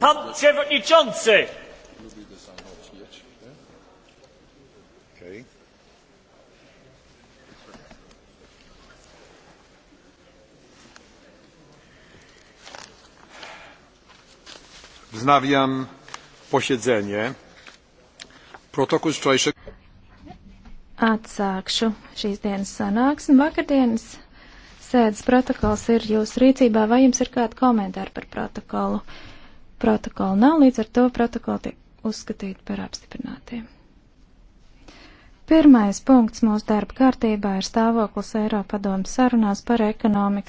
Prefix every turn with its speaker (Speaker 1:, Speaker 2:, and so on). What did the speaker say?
Speaker 1: Pan przewodniczący!
Speaker 2: Wznawiam posiedzenie. Protokół wczorajszego.
Speaker 3: Atsākšu šīs dienas sanāksmi. Vakardienas sēdes protokols ir jūsu rīcībā. Vai jums ir kādi komentāri par protokolu? Protokola nav, līdz ar to protokola tiek uzskatīta par apstiprinātiem. Pirmais punkts mūsu darba kārtībā ir stāvoklis Eiropadomas sarunās par ekonomikas